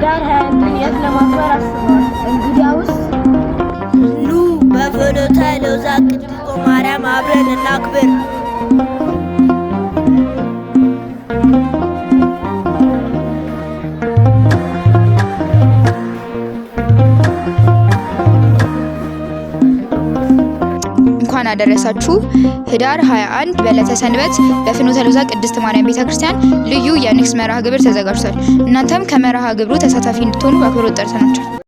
ህዳር 21 ለማክበር አስበዋል? እንግዲያውስ ኑ በፍኖተ ለውዛ ቅድስት ማርያም አብረን እናክብር። እንኳን አደረሳችሁ። ህዳር 21 በዕለተ ሰንበት በፍኖተ ሎዛ ቅድስት ማርያም ቤተክርስቲያን ልዩ የንግስ መርሃ ግብር ተዘጋጅቷል። እናንተም ከመርሃ ግብሩ ተሳታፊ እንድትሆኑ በአክብሮት ጠርተናችኋል።